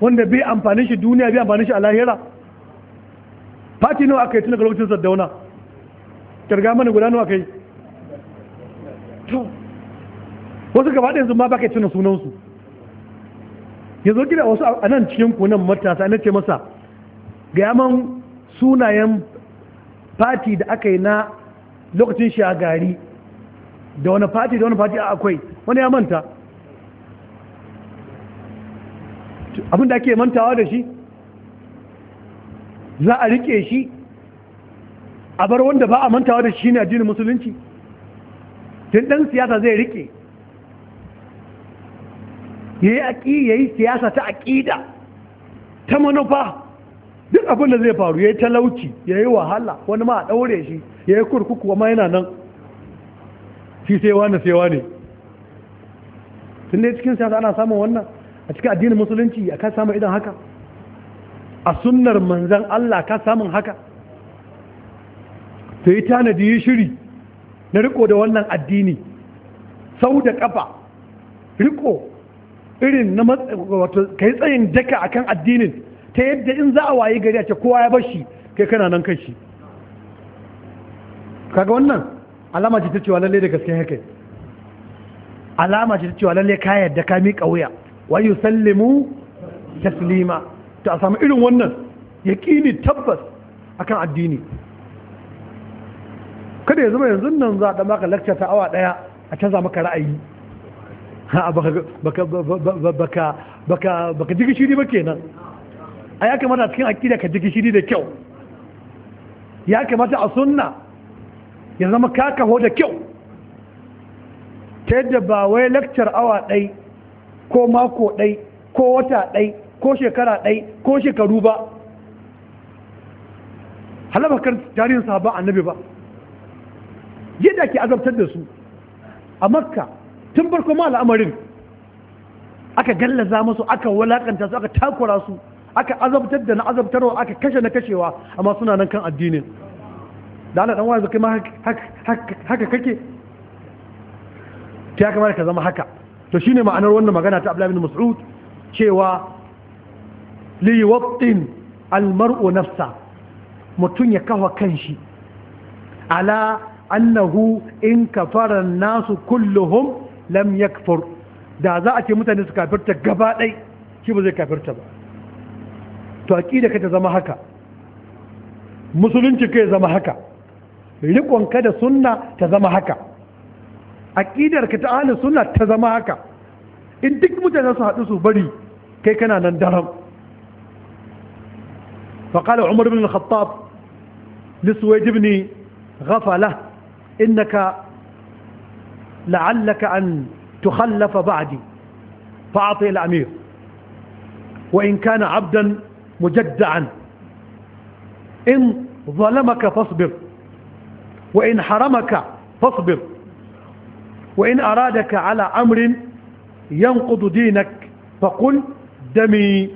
wanda bai amfani shi duniya bai amfani shi a lahira fati nawa aka yi tun ga lokacin sardauna kirga mana guda nawa aka yi wasu gaba ɗaya ba ma baka tunan sunansu yanzu gida wasu a nan cikin kunan matasa na ce masa ga man sunayen fati da aka yi na lokacin shagari da wani fati da wani fati a akwai wani ya manta abin da ake mantawa da shi za a rike shi a bar wanda ba a mantawa da shi ne a jini musulunci tun dan siyasa zai rike ya yi siyasa ta aƙida ta manufa duk abin da zai faru ya yi talauci ya yi wahala wani ma a ɗaure shi ya yi kurkuku wa yana nan shi sai wani sai wani tun dai cikin siyasa ana samun wannan a cikin addinin musulunci a ka samun idan haka a sunnar manzan Allah ka samun haka ta yi tanadi yi shiri na riko da wannan addini sau da ƙafa, riko irin na wato kai tsayin daka akan addinin ta yadda in za a waye gari a ce kowa ya bashi kai kana nan kai shi kaga wannan alama ce ta cewa lalle da gaske haka alama ce ta cewa lalle ka yadda ka mi wuya wa yusallimu taslima to a samu irin wannan yaqini tabbas akan addini kada ya zama yanzu nan za a ɗan maka lakca ta awa ɗaya a canza maka ra'ayi baka jiki shiri ba kenan a ya kamata cikin akida ka ji shiri da kyau ya kamata a sunna ya zama kakaho da kyau ta yadda ba wai lakcar awa ɗai ko mako ɗai ko wata ɗai ko shekara ɗai ko shekaru ba halabakar tarihin sahaba annabi ba yadda ke azabtar da su a makka tun farko ma al'amarin aka gallaza musu aka walakanta su aka takura su aka azabtar da na azabtarwa aka kashe na kashewa amma suna nan kan addinin da ana dan wani kai ma haka kake ta kamar ka zama haka to shine ma'anar wannan magana ta Abdullah Mas'ud cewa li yuwattin al-mar'u nafsa mutun ya kawa kanshi ala annahu in kafara an-nasu kulluhum lam yakfur da za a ce mutane su kafirta gaba ɗai shi ba zai kafirta ba to da ka ta zama haka musulunci ka ya zama haka riƙonka da sunna ta zama haka aƙidar ka ta ahalin sunna ta zama haka in duk mutane su haɗu su bari kai kana nan daram faƙala umar bin al-khattab liswaid ibn ghafala لعلك أن تخلف بعدي فأعطي الأمير وإن كان عبدا مجدعا إن ظلمك فاصبر وإن حرمك فاصبر وإن أرادك على أمر ينقض دينك فقل دمي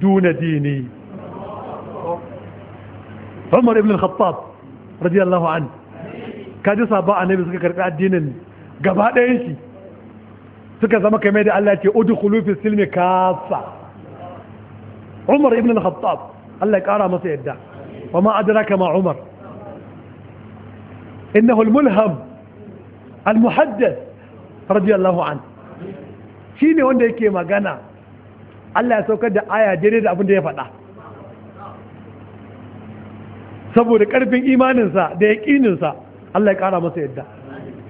دون ديني عمر بن الخطاب رضي الله عنه كان يصاب النبي صلى الله عليه وسلم gaba ɗayan shi suka zama kamar da Allah ce udu kulufin silmi kaffa Umar ibn al-Khattab Allah ya kara masa yadda wa ma adraka ma Umar inna al-mulham al-muhaddath radiyallahu an shine wanda yake magana Allah ya saukar da aya daidai da abin da ya faɗa saboda ƙarfin imaninsa da yaƙininsa Allah ya ƙara masa yadda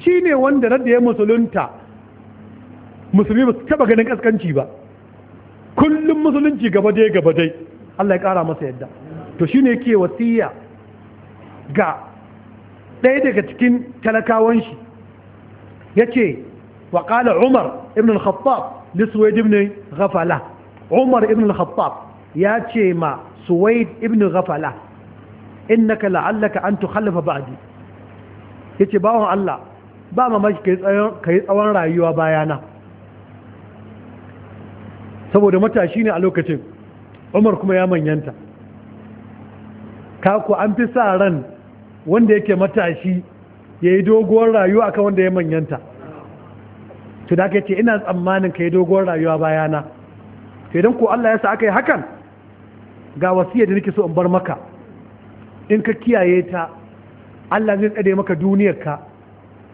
Shi ne wanda na ya musulunta musulmi ba su taba ganin kaskanci ba kullum musulunci gaba dai gaba dai Allah ya kara masa yadda to shi ne ke wasiya ga ɗaya daga cikin talakawan shi yace wa Umar ibn al-Khattab li Suwaid ibn Ghafala Umar ibn al-Khattab ya ce ma Suwaid ibn Ghafala innaka la'allaka an tukhallafa ba'di yace bawon Allah ba mamaki ka yi tsawon rayuwa bayana saboda matashi ne a lokacin umar kuma ya manyanta kaku an fi sa ran wanda yake matashi ya yi doguwar rayuwa akan wanda ya manyanta to da ce ina tsammanin ka yi doguwar rayuwa bayana to idan ko Allah ya sa aka yi hakan ga wasiyar da nake so in bar maka in ka kiyaye ta Allah zai tsade maka duniyar ka.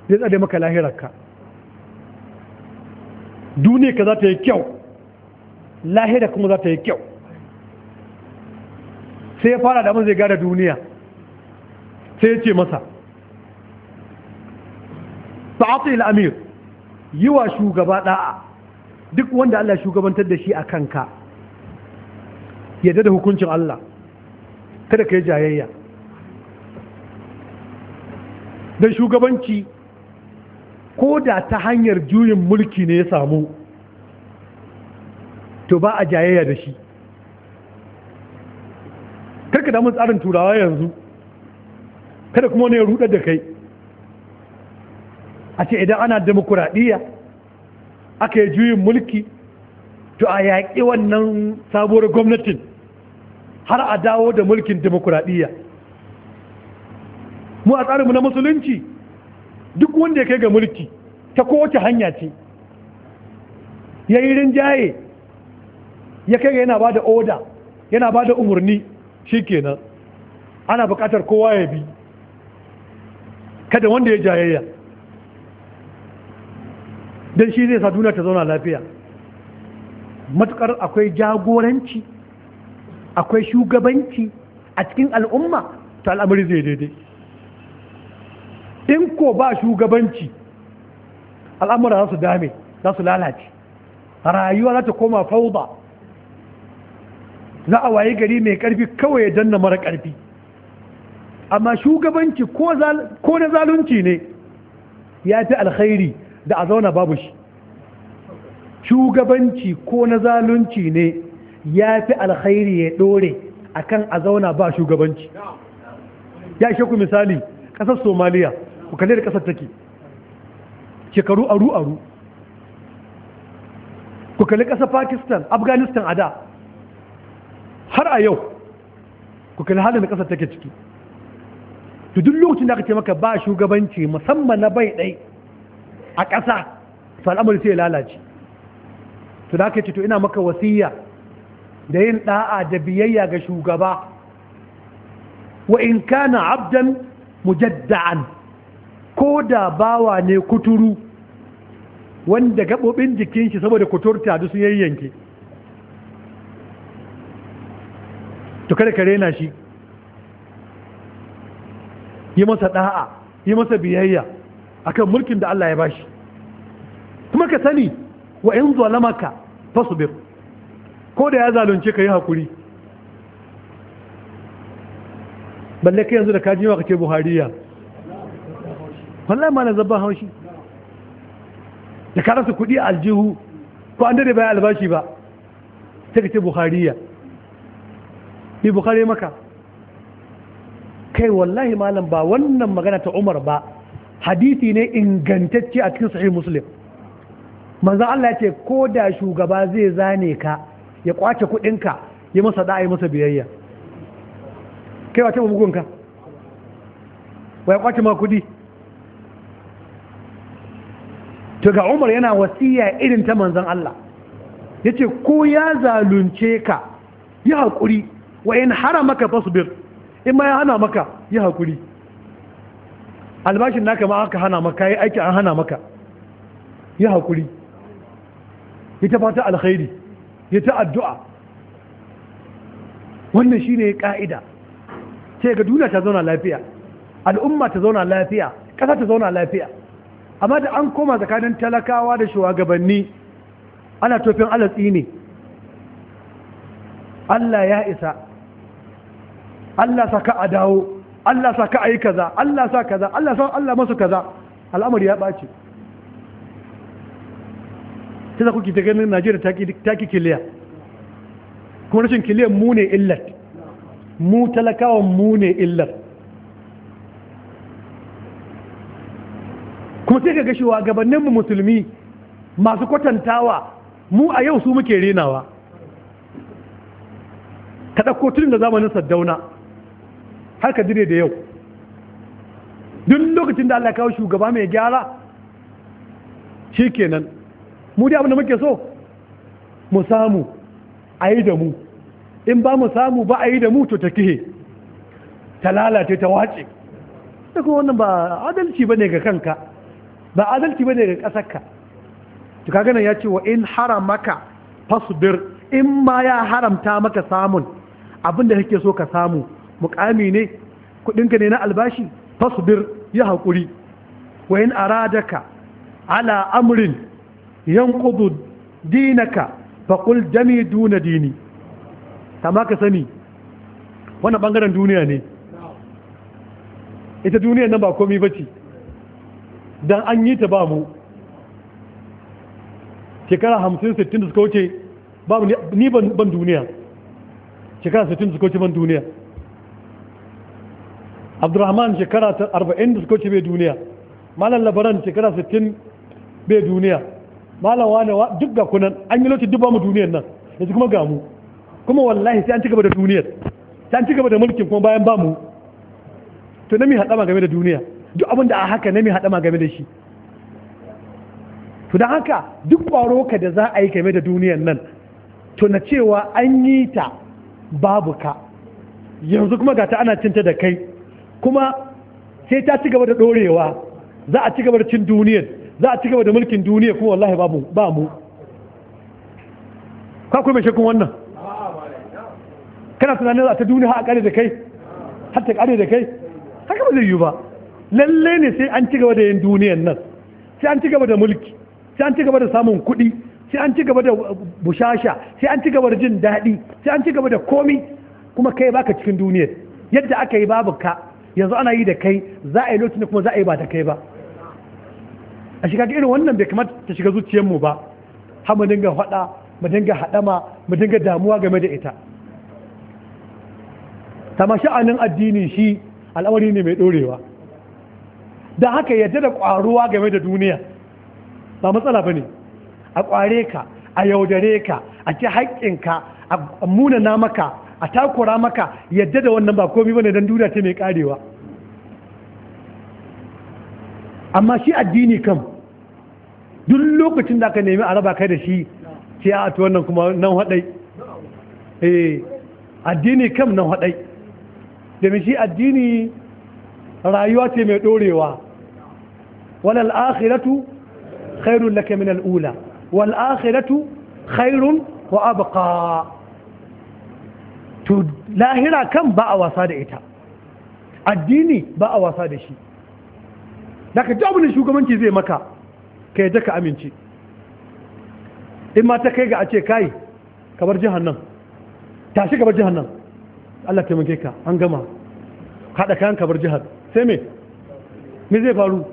zai tsade maka lahirarka duniya ka za ta yi kyau lahira kuma za ta yi kyau sai ya fara damar zai gada duniya sai ya ce masa ta'afi al'amir yi wa shugaba da'a duk wanda Allah shugabantar da shi a kanka yadda da hukuncin Allah kada ka yi jayayya don shugabanci ko da ta hanyar juyin mulki ne ya samu to ba a jayayya da shi karka damun tsarin turawa yanzu kada kuma ne ya rudar da kai a ce idan ana demokuraɗiyya aka yi juyin mulki to a yaƙi wannan sabuwar gwamnatin har a dawo da mulkin demokuraɗiyya mu a tsarinmu na musulunci duk wanda ya kai ga mulki ta kowace hanya ce ya yi rinjaye ya kai ga yana ba da oda yana ba da umarni kenan ana bukatar kowa ya bi kada wanda ya jayayya don shi zai sa duniya ta zauna lafiya matukar akwai jagoranci akwai shugabanci a cikin al'umma ta al'amari zai daidai ko ba shugabanci al'amura za su dame za su lalace rayuwa za ta koma fauba. za a waye gari mai karfi kawai ya danna mara karfi amma shugabanci ko na zalunci ne ya fi alkhairi da a zauna babu shi shugabanci ko na zalunci ne ya fi alkhairi ya dore akan a zauna ba shugabanci ya shi ku misali ƙasar somaliya ku kalli da ƙasar take shekaru aru aru ku kalli ƙasar pakistan afghanistan a da har a yau ku kalli halin da ƙasar take ciki to duk lokacin da aka ce maka ba shugabanci musamman na bai ɗai a ƙasa to al'amari sai lalace to da aka ce to ina maka wasiya da yin ɗa'a da biyayya ga shugaba wa in kana abdan mujadda'an ko da bawa ne kuturu wanda gaɓoɓin jikin shi saboda kuturta duk sun yayyanke to kada ka rena shi yi masa ɗa'a yi masa biyayya akan mulkin da Allah ya bashi kuma ka sani wa in zalamaka fasbir ko da ya zalunce ka yi hakuri balle kai yanzu da ka ji maka ce buhariya wallahi ma na zabban haushi da ka rasa kuɗi a aljihu ko an dade bayan albashi ba Ta ka ce buhariya ni buhari maka kai wallahi malam ba wannan magana ta umar ba hadisi ne ingantacce a cikin sahih muslim manzan Allah ce ko da shugaba zai zane ka ya kwace kuɗinka ya masa da'a ya masa biyayya kai wace ba bugunka wa ya kwace ma kuɗi to ga umar yana wasiya irin ta manzon Allah ya ce ko ya zalunce ka yi haƙuri wa in hara maka fasbir in ma ya hana maka yi haƙuri albashin naka ma aka hana maka yi aiki an hana maka yi haƙuri ya ta fata alkhairi ya ta addu'a wannan shi ne ƙa'ida ce ga duniya ta zauna lafiya al'umma ta zauna lafiya ƙasa ta zauna lafiya amma da an koma tsakanin talakawa da shugabanni ana tofin alatsi ne Allah ya isa Allah saka a dawo Allah saka a yi kaza Allah sa kaza Allah sa Allah masu kaza al'amari ya ɓace ta za kuke ta ganin najeriya ta ki kiliya kuma rashin kiliyan mu ne illat mu talakawan mu ne illat kuma sai shiwa gabanin mu musulmi masu kwatantawa mu a yau su muke renawa ka ɗauko tun da zamanin saddauna har ka dire da yau duk lokacin da Allah kawo shugaba mai gyara shi kenan mu dai abin da muke so mu samu a yi da mu in ba mu samu ba a yi da mu to ta kihe ta lalace ta wace ta kuma wannan ba adalci ba ne ga kanka ba adalci bane ga kasarka to kaga nan ya ce wa in haramaka fasbir in ma ya haramta maka samun abin da kake so ka samu Muƙami ne kuɗinka ne na albashi fasbir ya hakuri wa in aradaka ala amrin yanqudu dinaka faqul dami duna dini kama ka sani wannan bangaren duniya ne ita duniyar nan ba komai bace don an yi ta ba mu shekara hamsin sittin da suka wuce ba mu ni ban duniya shekara sittin da suka wuce ban duniya abdurrahman shekara arba'in da suka wuce bai duniya malam labaran shekara sittin bai duniya malam wane duk ga kunan an yi lokacin duk ba mu duniyan nan yanzu kuma ga mu kuma wallahi sai an ci gaba da duniyar sai an ci gaba da mulkin kuma bayan ba mu to na mi haɗama game da duniya duk abin da a haka na mai ma game da shi to don haka duk ƙwaro ka da za a yi game da duniyan nan to na cewa an yi ta babu ka yanzu kuma gata ana cinta da kai kuma sai ta ci gaba da ɗorewa za a ci gaba da cin duniyan za a ci gaba da mulkin duniya kuma wallahi babu ba mu ka kuma wannan kana tunanin za a ta duniya har a da kai har ta kare da kai haka ba zai yi ba lalle ne sai an ci gaba da yin duniyan nan sai an ci gaba da mulki sai an ci gaba da samun kuɗi sai an ci gaba da uh, bushasha sai an ci gaba da jin daɗi sai an ci gaba da komi kuma kai baka cikin duniyar yadda aka yi babu ka yanzu ana yi da kai za a yi lokacin kuma za a yi ba da kai ba a shiga irin wannan bai kamata ta shiga mu ba har mu dinga faɗa mu dinga haɗama mu dinga damuwa game da ita ta sha'anin addini shi al'amari ne mai ɗorewa Da haka yadda da ƙwaruwa game da duniya ba matsala ba ne a ƙware ka a yaudare ka a ci haƙƙinka a munana maka a takura maka yadda da wannan ba komi ba ne don duniya ce mai ƙarewa amma shi addini kam duk lokacin da aka nemi a raba kai da shi ce a ati wannan kuma nan haɗai eh addini kam nan haɗai domin shi addini rayuwa ce mai ɗorewa walal akhiratu khairun laka min al'ula wal akhiratu khairun wa abqa to lahira kan ba a wasa da ita addini ba a wasa da shi daga jabin shugabanci zai maka ka yadda ka amince in ma ta kai ga a ce kai ka bar jihar nan tashi ka bar jihar nan Allah taimake ka an gama haɗa kayan ka bar jihar sai me me zai faru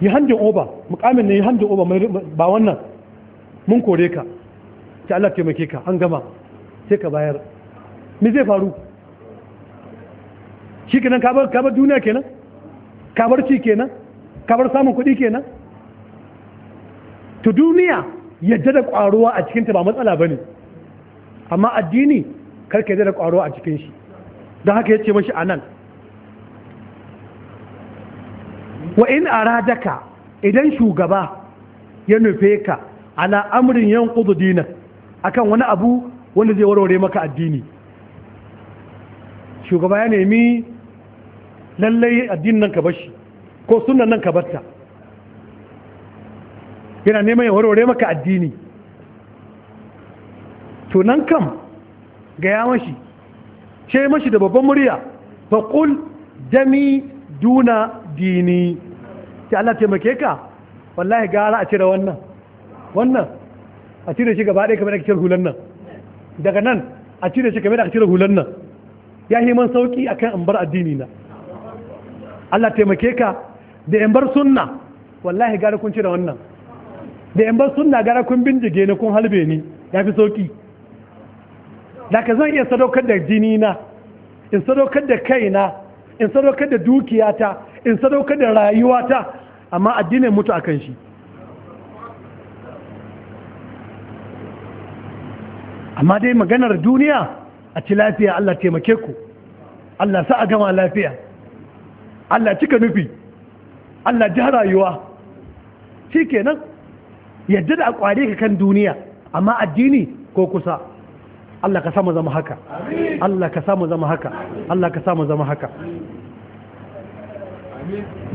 yi handin oba mukamin ne yi handin oba ba wannan mun kore ka ta Allah taimake ka an gama sai ka bayar me zai faru shi kenan kabar duniya kenan kabar ci kenan kabar samun kuɗi kenan to duniya yadda da ƙwaruwa a cikinta ba matsala ba ne amma addini karka yadda da ƙwaruwa a cikin shi don haka ya ce mashi a nan wa in aradaka idan shugaba ya nufe ka ala amrin 'yan yanqudu a akan wani abu wanda zai warware maka addini shugaba ya nemi lallai addinin nan ka bashi ko sunan nan ka batta yana neman ya warware maka addini to nan kam gaya mashi ce mashi da babban murya faƙul dami duna dini Shi Allah taimake ka wallahi gara a cire wannan wannan a cire shi gaba ɗaya kamar ake cire hulan nan daga nan a cire shi kamar ake cire hulan nan ya yi man sauki akan ambar bar addini na Allah taimake ka da in bar sunna wallahi gara kun cire wannan da in bar sunna gara kun bindige ni kun halbe ni ya fi sauki da ka zan iya sadaukar da jini na in sadaukar da kaina in sadaukar da dukiyata in sadauka da rayuwata amma addinin mutu akan shi amma dai maganar duniya a ci lafiya Allah taimake ku Allah sa a gama lafiya Allah cika nufi Allah ji rayuwa shi kenan yadda da a ka kan duniya amma addini ko kusa Allah ka samu zama haka Allah ka samu zama haka Allah ka samu zama haka Нет.